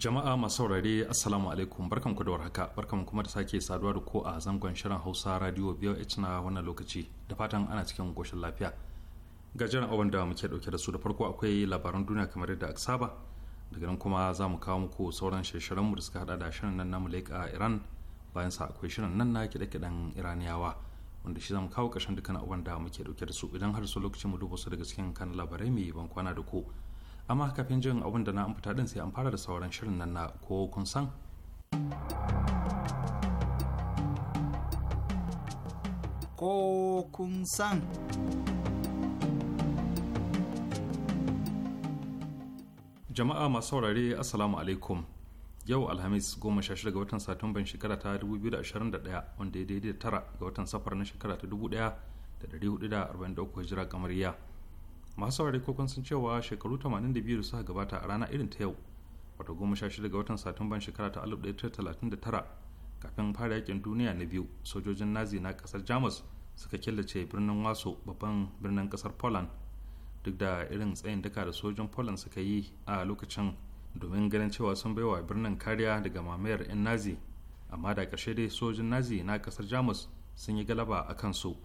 jama'a masu saurare assalamu alaikum barkan ku da warhaka barkan kuma da sake saduwa da ko a zangon shirin hausa radio voh na wannan lokaci da fatan ana cikin goshin lafiya ga jiran abin da muke dauke da su da farko akwai labaran duniya kamar yadda aka saba daga nan kuma za mu kawo muku sauran shirin mu da suka hada da shirin nan namu a iran bayan sa akwai shirin nan na kiɗe-kiɗen iraniyawa wanda shi za mu kawo ƙarshen dukkan abin da muke dauke da su idan har su lokacin mu duba su daga cikin kan labarai mai ban kwana da ku amma kafin jin abin da na amfuta din sai an fara da sauran shirin nan na ko kun san ko kun san jama'a masu saurare assalamu alaikum yau alhamis goma ga watan satumban shekara ta 2021 wanda ya daidai da tara ga watan safar na shekara ta 1443 hijira kamar yau masu ware ko kun cewa shekaru 82 da suka gabata a rana irin ta yau wato 16 ga watan satumban shekara ta 1939 kafin fara yakin duniya na biyu sojojin nazi na kasar jamus suka killace birnin waso babban birnin kasar poland duk da irin tsayin daka da sojin poland suka yi a lokacin domin ganin cewa sun baiwa birnin kariya daga mamayar 'yan nazi amma da ƙarshe dai sojin nazi na kasar jamus sun yi galaba a kansu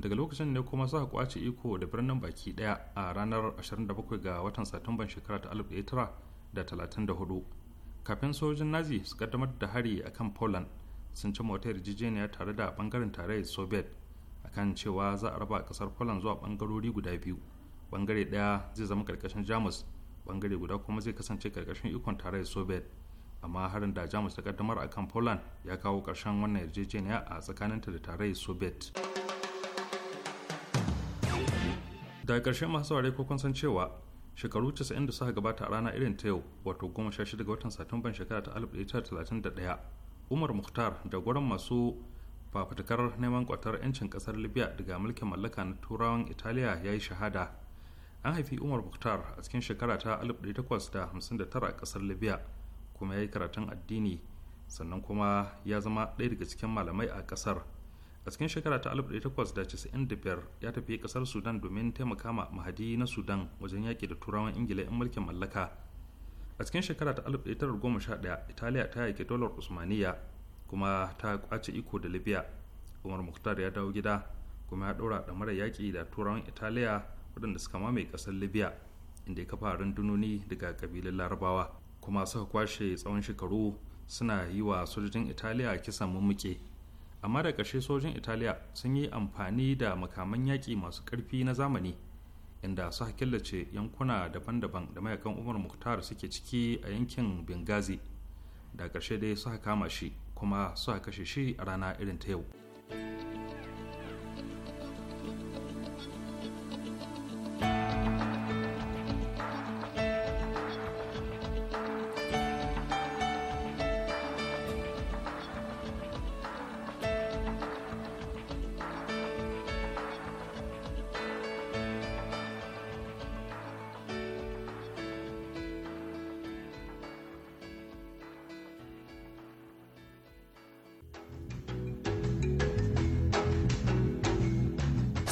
daga lokacin ne kuma za a kwace iko da birnin baki daya a ranar 27 ga watan satumban shekara ta 1934 kafin sojin nazi su kaddamar da hari a kan poland sun cima wata yarjejeniya tare da bangaren tarayyar soviet a kan cewa za a raba kasar poland zuwa bangarori guda biyu bangare daya zai zama karkashin jamus bangare guda kuma zai kasance karkashin ikon tarayyar soviet amma harin da jamus ta kaddamar kan poland ya kawo karshen wannan yarjejeniya a tsakaninta da tarayyar soviet daga ƙarshe masu saurare ko kun san cewa shekaru 90 da suka gabata a rana irin ta yau wato 16 ga watan satumban shekara ta 1931 umar muhtar da gwaron masu fafatakar neman kwatar 'yancin kasar libya daga mulkin mallaka na turawan italiya ya yi shahada an haifi umar muhtar a cikin shekara ta 1859 a kasar libya kuma ya yi karatun addini sannan kuma ya zama ɗaya daga cikin malamai a kasar a cikin shekara ta 1895 ya tafi kasar sudan domin taimaka ma mahadi na sudan wajen yaƙi da turawan ingila 'yan mulkin mallaka a cikin shekara ta 1911 italiya ta yaƙi dolar usmaniya kuma ta kwace iko da libya umar muktar ya dawo gida kuma ya ɗora ɗamarar yaƙi da turawan italiya waɗanda suka mamaye ƙasar libya inda ya kafa rundunoni daga ƙabilun larabawa kuma suka kwashe tsawon shekaru suna yi wa sojojin italiya kisan mummuke amma da ƙarshe sojin italiya sun yi amfani da makaman yaƙi masu ƙarfi na zamani inda su killace yankuna daban-daban da mayakan umar muktar suke ciki a yankin bengazi da ƙarshe dai su kama shi kuma su kashe shi a rana irin ta yau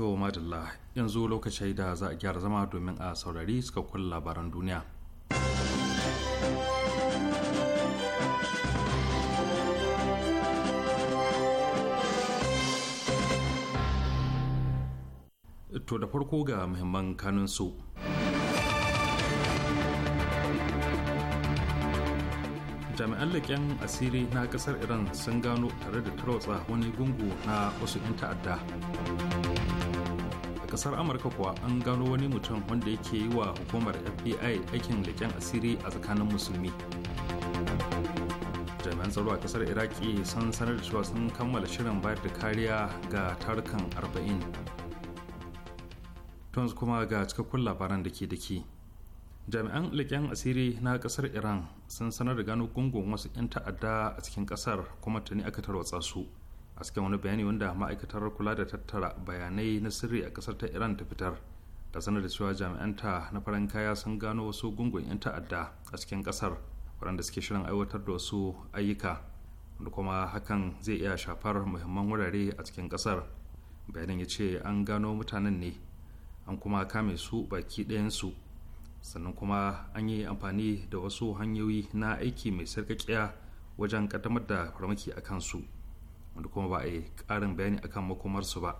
to madalla yanzu lokacin da za a gyara zama domin a saurari suka kun labaran duniya. To da farko ga muhimman kanun su jami'an leƙen asiri na ƙasar iran sun gano tare da tarotsa wani gungu na wasu 'yan ta'adda kasar amurka kuwa an gano wani mutum wanda yake yi wa hukumar fbi aikin leƙen asiri a tsakanin musulmi jami'an tsaro a kasar iraki sun sanar da cewa sun kammala shirin bayar da kariya ga tarukan 40 tons kuma ga cikakkun labaran da ke da ke jami'an leƙen asiri na kasar iran sun sanar da gano gungun wasu 'yan ta'adda a cikin kasar kuma tuni aka tarwatsa su a wani bayani wanda ma'aikatar kula da tattara bayanai na sirri a kasar ta iran ta fitar ta sanar da cewa jami'anta na farin kaya sun gano wasu gungun 'yan ta'adda a cikin kasar waɗanda suke shirin aiwatar da wasu ayyuka wanda kuma hakan zai iya shafar muhimman wurare a cikin kasar bayanin ya ce an gano mutanen ne an kuma kame su baki ɗayansu sannan kuma an yi amfani da wasu hanyoyi na aiki mai sarkakiya wajen ƙaddamar da farmaki a kansu. wanda kuma ba a yi ƙarin bayani akan makomarsu ba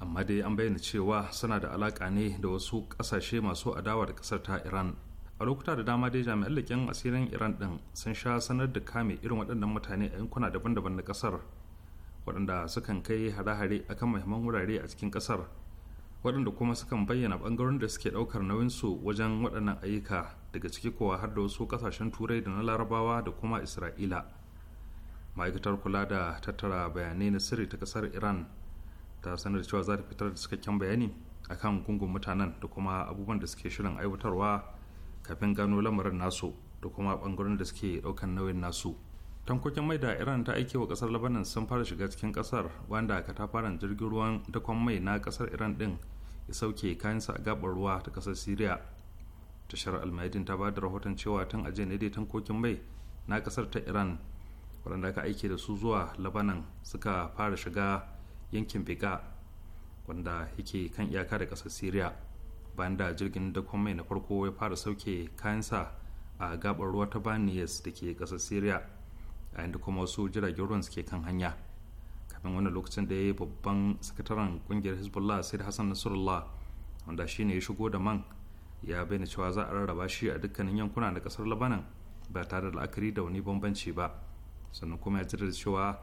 amma dai an bayyana cewa suna da alaƙa ne da wasu ƙasashe masu adawa da ƙasar ta iran a lokuta da dama dai jami'an leƙen asirin iran ɗin sun sha sanar da kame irin waɗannan mutane a yankuna daban-daban na ƙasar waɗanda sukan kai hare-hare akan mahimman wurare a cikin ƙasar waɗanda kuma sukan bayyana ɓangaren da suke ɗaukar nauyinsu wajen waɗannan ayyuka daga ciki kowa har da wasu ƙasashen turai da na larabawa da kuma isra'ila ma'aikatar kula da tattara bayanai na sirri ta kasar iran ta sanar cewa za ta fitar da cikakken bayani akan gungun mutanen da kuma abubuwan da suke shirin aiwatarwa kafin gano lamarin nasu da kuma bangaren da suke daukan nauyin nasu tankokin mai da iran ta aike wa kasar labanan sun fara shiga cikin kasar wanda katafaren jirgin ruwan dakon mai na kasar iran din ya sauke kayansa a gabar ruwa ta kasar syria tashar almaidin ta ba da rahoton cewa tun ajiya ne dai tankokin mai na kasar ta iran waɗanda aka aike da su zuwa labanan suka fara shiga yankin bega wanda yake kan iyaka da ƙasar syria bayan da jirgin dakon mai na farko ya fara sauke kayansa a gabar ruwa ta baniyas da ke ƙasar syria yayin da kuma wasu jiragen ruwan suke kan hanya kafin wannan lokacin da ya yi babban sakataren kungiyar hezbollah sai da hassan nasrullah wanda shine ya shigo da man ya bayyana cewa za a rarraba shi a dukkanin yankuna na kasar labanan ba tare da la'akari da wani bambanci ba sannan kuma ya da cewa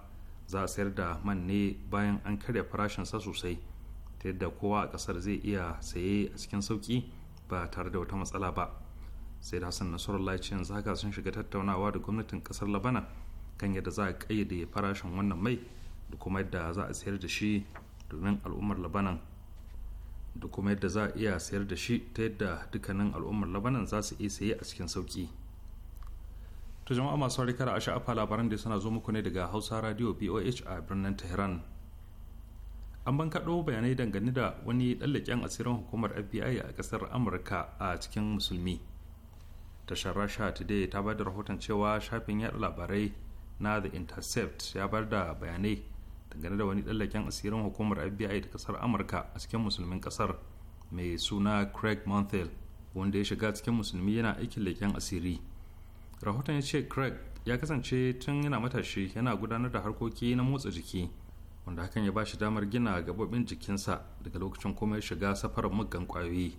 za a sayar da man ne bayan an karya farashinsa sosai ta yadda kowa a kasar zai iya saye a cikin sauki ba tare da wata matsala ba sai da hassan nasarullah ce yanzu haka sun shiga tattaunawa da gwamnatin kasar labanan kan yadda za a kayyade farashin wannan mai da kuma yadda za a sayar da shi domin al'ummar labanan da kuma yadda za a iya sayar da shi ta yadda dukkanin al'ummar labanan za su iya saye a cikin sauki to jama'a masu rikara a sha'afa labaran da suna zo muku ne daga hausa radio boh a birnin tehran an ban kaɗo bayanai dangane da wani ɗallaken asirin hukumar fbi a ƙasar amurka a cikin musulmi tashar rasha today ta ba da rahoton cewa shafin yaɗa labarai na the intercept ya bar da bayanai dangane da wani ɗallaken asirin hukumar fbi da ƙasar amurka a cikin musulmin ƙasar mai suna craig monthel wanda ya shiga cikin musulmi yana aikin leƙen asiri rahoton ya ce craig ya kasance tun yana matashi yana gudanar da harkoki na motsa jiki wanda hakan ya ba shi damar gina gabobin jikinsa daga lokacin kuma ya shiga safarar muggan kwayoyi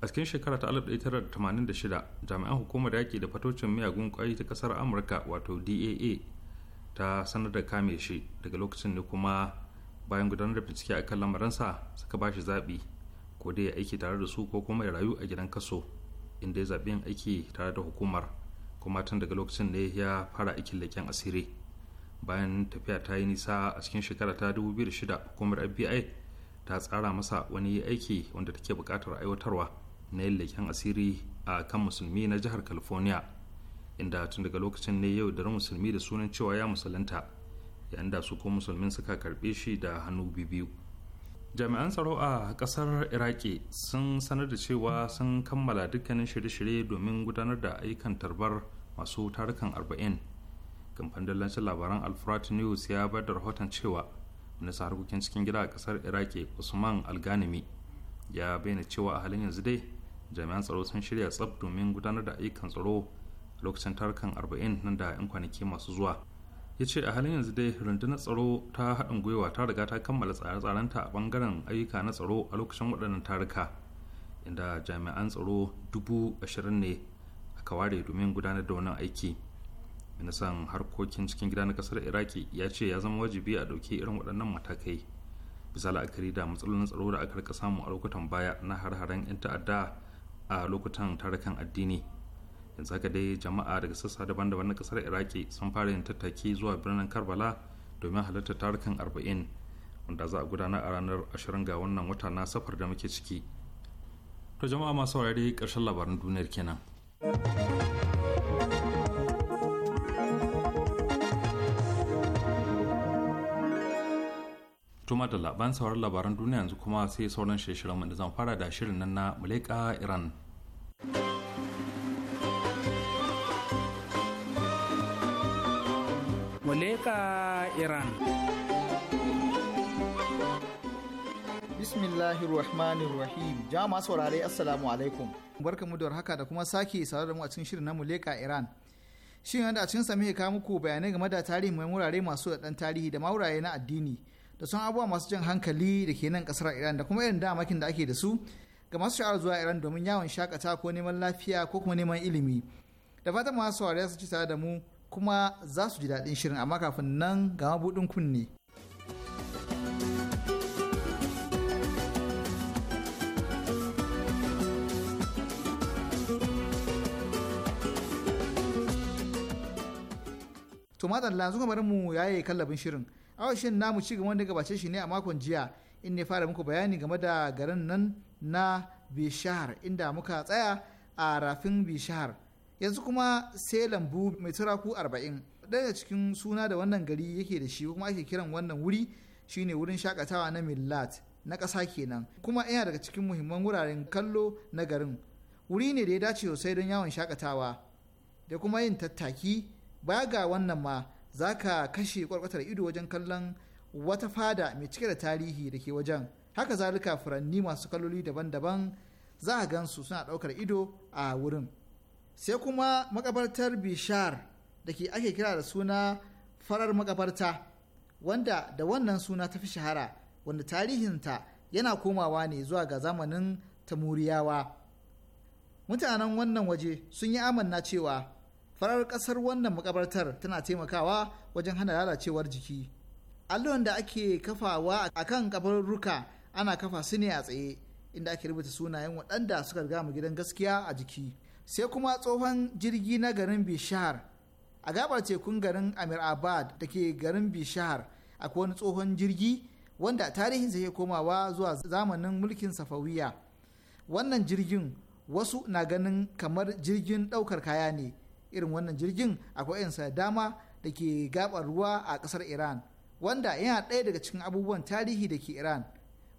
a cikin shekara ta 1986 jami'an hukumar yaƙi da fatocin miyagun kwayoyi ta kasar amurka wato daa ta sanar da kame shi daga lokacin ne kuma bayan gudanar da bincike a kan lamarinsa suka ba shi zaɓi ko dai ya aiki tare da su ko kuma ya rayu a gidan kaso inda ya zaɓi yin aiki tare da hukumar kuma tun daga lokacin ne ya fara aikin leken asiri bayan tafiya ta yi nisa a cikin shekara ta 2006 hukumar fbi ta tsara masa wani aiki wanda take buƙatar aiwatarwa na yin leken asiri a kan musulmi na jihar california inda tun daga lokacin ne yau da musulmi da sunan cewa ya musulunta yayin da su ko musulmin suka karbe shi da hannu biyu jami'an tsaro a kasar iraki sun sanar da cewa sun kammala dukkanin shirye-shirye domin gudanar da ayyukan tarbar masu tarukan arba'in kamfanin dallancin labaran alfrat news ya bayar da rahoton cewa minista harkokin cikin gida a kasar iraki usman alganimi ya bayyana cewa a halin yanzu dai jami'an tsaro sun shirya tsab domin gudanar da ayyukan tsaro a lokacin tarukan arba'in nan da 'yan kwanaki masu zuwa ya ce a halin yanzu dai rundunar tsaro ta haɗin gwiwa ta riga ta kammala tsare-tsarenta a ɓangaren ayyuka na tsaro a lokacin waɗannan taruka inda jami'an tsaro dubu ashirin ne aka ware domin gudanar da wannan aiki ministan harkokin cikin gida na kasar iraki ya ce ya zama wajibi a ɗauki irin waɗannan matakai bisa la'akari da matsalolin tsaro da aka rika samu a lokutan baya na har-haren 'yan ta'adda a lokutan tarukan addini yanzu haka dai jama'a daga sassa daban-daban na kasar iraki sun fara yin tattaki zuwa birnin karbala domin halartar tarukan arba'in wanda za a gudanar a ranar ashirin ga wannan wata na safar da muke ciki to jama'a masu saurari karshen labaran duniyar kenan tuma da labaran sauran labaran duniya yanzu kuma sai sauran shirin da zan fara da shirin nan na muleka iran muleka iran bismillahir rahmanir rahim jama'a saurare assalamu alaikum barkamu da haka da kuma sake saurare da mu a cikin shirin na muleka iran shin yadda a cikin sami ka kawo muku bayanai game da tarihi mai wurare masu da dan tarihi da wurare na addini da sun abubuwa masu jan hankali da ke nan kasar iran da kuma irin damakin da ake da su ga masu sha'awar zuwa iran domin yawon shakata ko neman lafiya ko kuma neman ilimi da fatan masu saurare su ci tare da mu kuma za su ji daɗin shirin amma kafin nan ga mabuɗin kunne. To madalla zuka bari mu yaye kallabin shirin. Awashin namu ci gaban da gabace shi ne a makon jiya in ne fara muku bayani game da garin nan na Bishar inda muka tsaya a rafin Bishar. yanzu kuma sai lambu mai turaku arba'in daga cikin suna da wannan gari yake da shi kuma ake kiran wannan wuri shine wurin shakatawa na millat na ƙasa kenan kuma yana daga cikin muhimman wuraren kallo na garin wuri ne da ya dace sosai don yawon shakatawa da kuma yin tattaki ba ga wannan ma za ka kashe kwarkwatar ido wajen kallon wata fada mai cike da tarihi da ke wajen haka zalika furanni masu kaloli daban-daban za a gansu suna ɗaukar ido a wurin sai kuma makabartar bishar da ke ake kira da suna farar makabarta wanda da wannan suna ta fi shahara wanda tarihinta yana komawa ne zuwa ga zamanin tamuriyawa mutanen wannan waje sun yi amanna cewa farar ƙasar wannan makabartar tana taimakawa wajen hana lalacewar jiki allon da ake kafawa a kan kabarruka ana kafa su ne a tsaye inda ake rubuta sunayen waɗanda suka riga mu gidan gaskiya a jiki sai kuma tsohon jirgi na garin bishahar a gabar tekun garin amir abad da ke garin bishahar akwai wani tsohon jirgi wanda tarihinsa ke komawa zuwa zamanin mulkin safawiya wannan jirgin wasu na ganin kamar jirgin ɗaukar kaya ne irin wannan jirgin akwai yansa dama da ke gabar ruwa a ƙasar iran wanda yana ɗaya daga cikin abubuwan tarihi da ke iran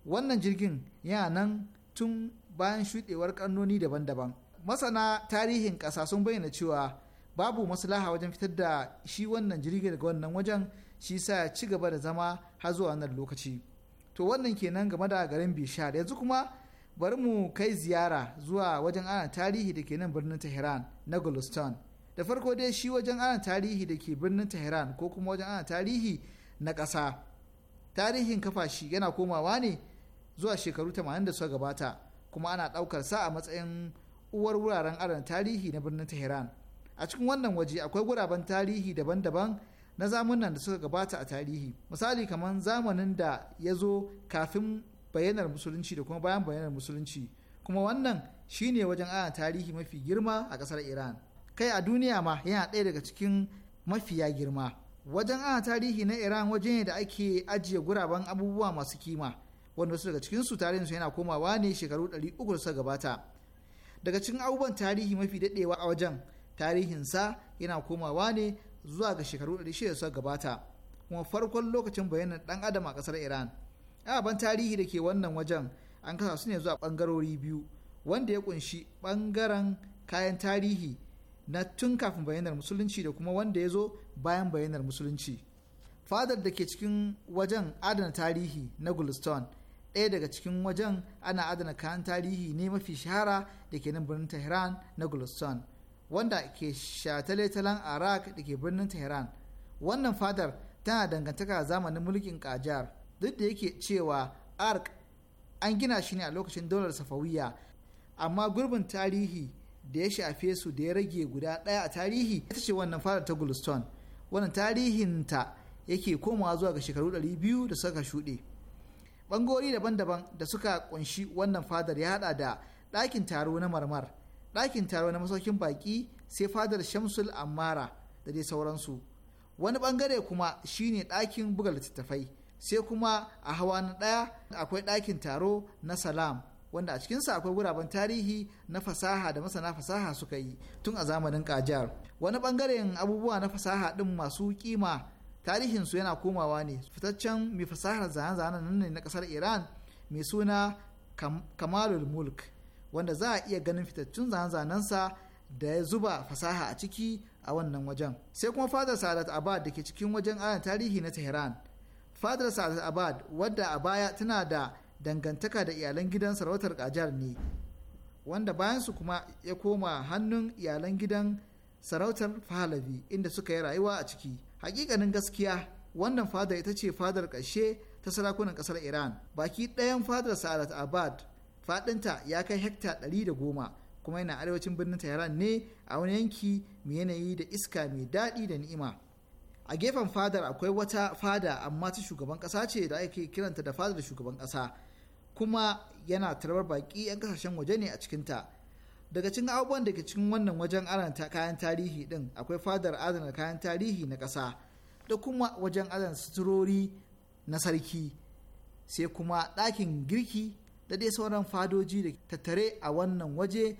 wannan jirgin yana nan tun bayan shuɗewar ƙarnoni daban-daban masana tarihin ƙasa sun bayyana cewa babu maslaha wajen fitar da shi wannan jirgin daga wannan wajen shi sa ci gaba da zama har zuwa wannan lokaci to wannan kenan game da garin bishar yanzu kuma bari mu kai ziyara zuwa wajen ana tarihi da ke nan birnin tehran na gulistan da farko dai shi wajen ana tarihi da ke birnin tehran ko kuma wajen ana tarihi na ƙasa tarihin kafashi yana komawa ne zuwa shekaru 80 da suka gabata kuma ana ɗaukar sa a matsayin uwar wuraren adana tarihi na birnin tehran a cikin wannan waje akwai guraben tarihi daban-daban na zamanin da suka gabata a tarihi misali kamar zamanin da ya zo kafin bayanar musulunci da kuma bayan bayanar musulunci kuma wannan shine wajen ana tarihi mafi girma a kasar iran kai a duniya ma yana ɗaya daga cikin mafiya girma wajen ana tarihi na iran waje ne da ake ajiye guraben abubuwa masu kima wanda su daga cikinsu tarihinsu yana komawa ne shekaru 300 da suka gabata daga cikin abubuwan tarihi mafi daɗewa a wajen tarihinsa yana komawa ne zuwa ga shekaru 600 suka gabata kuma farkon lokacin bayanan ɗan adam a ƙasar iran ababen tarihi da ke wannan wajen an kasa su ne zuwa ɓangarori biyu wanda ya kunshi ɓangaren kayan tarihi na tun kafin bayanar musulunci da kuma wanda ya zo bayan bayanar musulunci fadar da ke cikin wajen adana tarihi na gulistone ɗaya daga cikin wajen ana adana kayan tarihi ne mafi shahara da ke nan birnin tehran na gulistan wanda ke shataletalen arak da ke birnin tehran wannan fadar tana dangantaka zamanin mulkin kajar duk da yake cewa ark an gina shi ne a lokacin daular safawiya amma gurbin tarihi da ya shafe su da ya rage guda ɗaya a tarihi ita ce wannan fadar ta gulistan wannan tarihinta yake komawa zuwa ga shekaru 200 da suka shuɗe bangori daban-daban da suka kunshi wannan fadar ya hada da ɗakin taro na marmar ɗakin taro na masaukin baƙi sai fadar shamsul ammara da dai sauransu wani bangare kuma shine ɗakin buga littattafai sai kuma a hawa na ɗaya akwai ɗakin taro na salam wanda a cikinsa akwai guraben tarihi na fasaha da masana fasaha suka yi tun a zamanin kajar wani bangaren abubuwa na fasaha ɗin masu kima su yana komawa ne fitaccen mai fasahar zane-zane nan ne na kasar iran mai suna kamalul mulk wanda za a iya ganin fitaccen zane-zanensa da ya zuba fasaha a ciki a wannan wajen sai kuma fadar sa'adat abad da ke cikin wajen ana tarihi na tehran fadar sa'adat abad wadda a baya tana da dangantaka da iyalan gidan sarautar kajar ne wanda bayansu kuma ya koma hannun iyalan gidan sarautar fahalabi inda suka yi rayuwa a ciki hakikanin gaskiya wannan fadar ita ce fadar karshe ta sarakunan ƙasar iran baki ɗayan fadar sa'adat abad faɗinta ya kai hekta ɗari da goma kuma yana arewacin birnin tehran ne a wani yanki mai yanayi da iska mai daɗi da ni'ima a gefen fadar akwai wata fada amma ta shugaban ƙasa ce da ake kiranta da fadar shugaban ƙasa kuma yana tarbar baƙi 'yan ƙasashen waje ne a cikinta daga cikin abubuwan da ke cikin wannan wajen kayan tarihi din akwai fadar adana kayan tarihi na kasa da kuma wajen adana suturori na sarki sai kuma ɗakin girki da dai sauran fadoji da tattare a wannan waje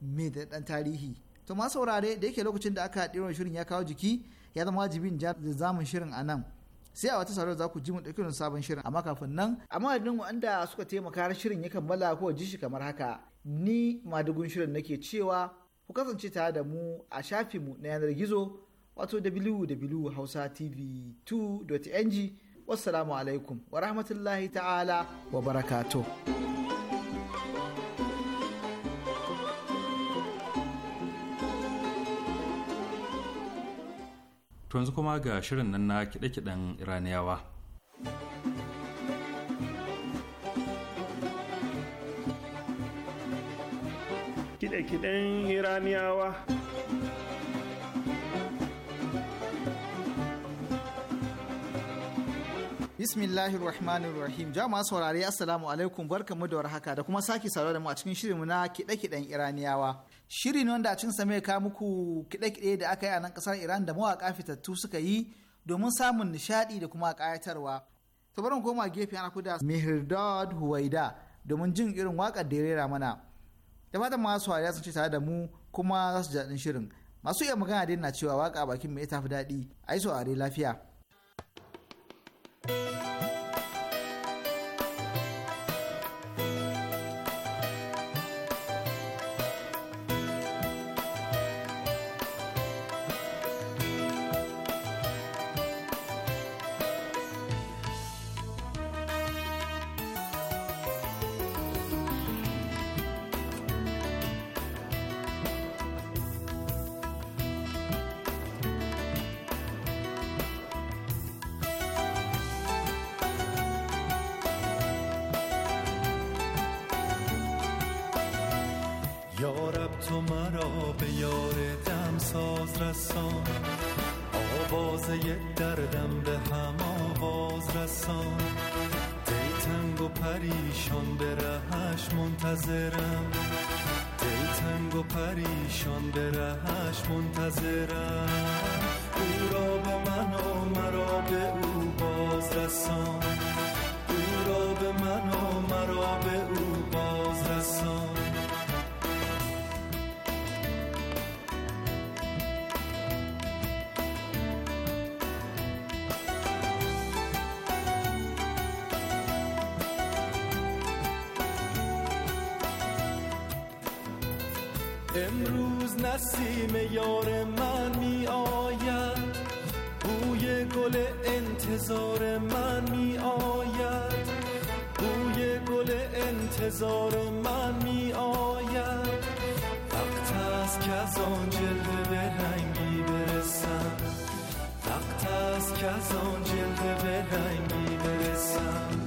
mai daɗan tarihi to ma saurare da yake lokacin da aka ɗirin shirin ya kawo jiki ya zama wajibin da zamun shirin a nan sai a wata sarar za ku ji mu ɗauki sabon shirin amma kafin nan amma da wanda suka taimaka har shirin ya kammala ko ji shi kamar haka ni madugun shirin nake cewa ku kasance tare da mu a shafinmu na yanar gizo wato www.hausatv2.ng wassalamu alaikum wa rahmatullahi ta'ala wa barakato. yanzu kuma ga shirin nan na kiɗe-kiɗen iraniyawa kiɗe-kiɗen iraniyawa bismillahir rahmanir rahim jama'a saurari. assalamu alaikum barkamu da warhaka da kuma sake saurare da mu a cikin shirinmu na kiɗe-kiɗen iraniyawa shiri ne wanda a cikin same ka muku kiɗe-kiɗe da aka yi a nan kasar iran da mawaka fitattu suka yi domin samun nishaɗi da kuma kayatarwa to mu koma gefe ana kuda mihrdad huwaida domin jin irin waƙar da ya rera mana da matan masu wariya sun ce tare da mu kuma za su ji daɗin shirin masu iya magana dai na cewa waka bakin mai fi daɗi a yi saurare lafiya. آواز رسان دردم به هم آواز رسان دیتنگ و پریشان به رهش منتظرم دیتنگ و پریشان به رهش منتظرم او را به من و مرا به او باز رسان روز نسیم یار من می آید بوی گل انتظار من می آید بوی گل انتظار من می آید وقت است که از آن جلد به رنگی برسم وقت است که از آن جلد به رنگی برسم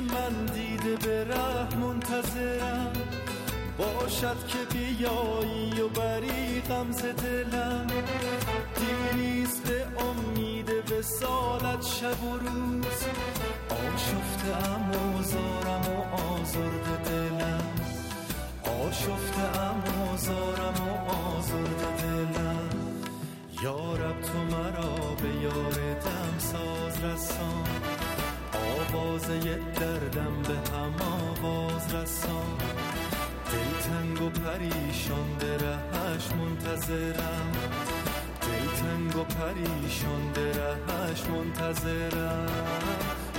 من دیده به ره منتظرم باشد که بیایی و بری غمز دلم دیر به امید وسالت شب و روز آشفته ام و زارم و آزرده دلم آشفته ام و زارم و آزرده دلم یارب تو مرا به یار دم ساز رسان آوازه دردم به هم آواز رسان دلتنگ و پریشان درهش منتظرم دلتنگ و پریشان درهش منتظرم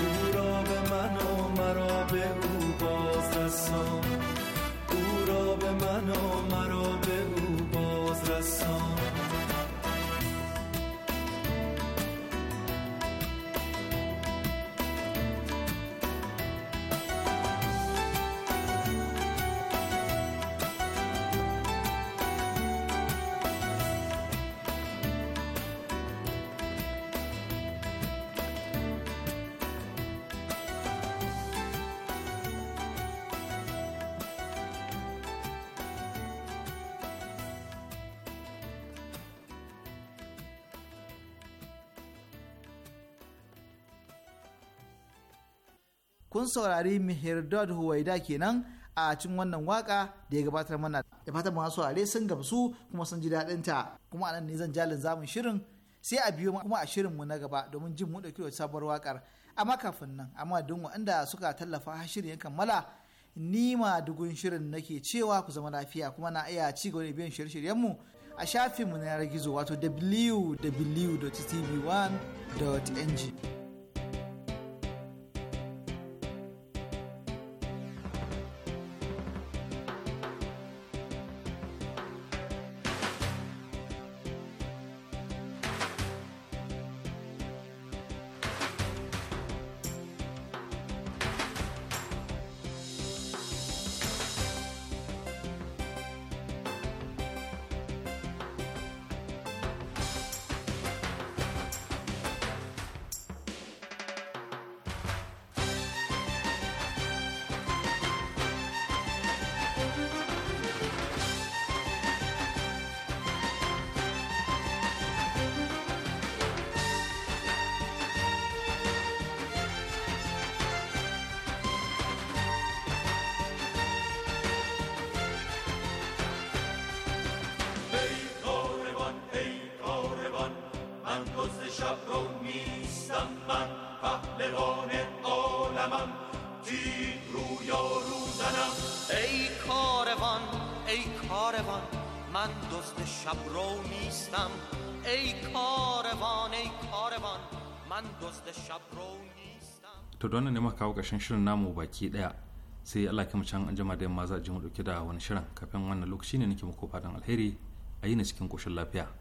او را به من و مرا به او باز رسان او را به من و مرا به او باز رسان kun saurari Mihirdod Huwaida kenan a cikin wannan waka da ya gabatar mana da fatan masu saurare sun gamsu kuma sun ji daɗin ta kuma anan ne zan jalin zamun shirin sai a biyo kuma a shirin mu na gaba domin jin mu dauki wata sabuwar wakar amma kafin nan amma don waɗanda suka tallafa har shirin ya kammala ni ma dugun shirin nake cewa ku zama lafiya kuma na iya ci gaba da biyan shirye-shiryen mu a shafinmu na yanar gizo wato www.tv1.ng من دزد شب رو نیستم ای کاروان ای کاروان من دزد شب رو نیستم to don ne muka kawo ƙarshen shirin namu baki daya sai Allah kuma can an jima da yamma za a ji mu dauke da wani shirin kafin wannan lokaci ne nake muku fatan alheri a yi na cikin koshin lafiya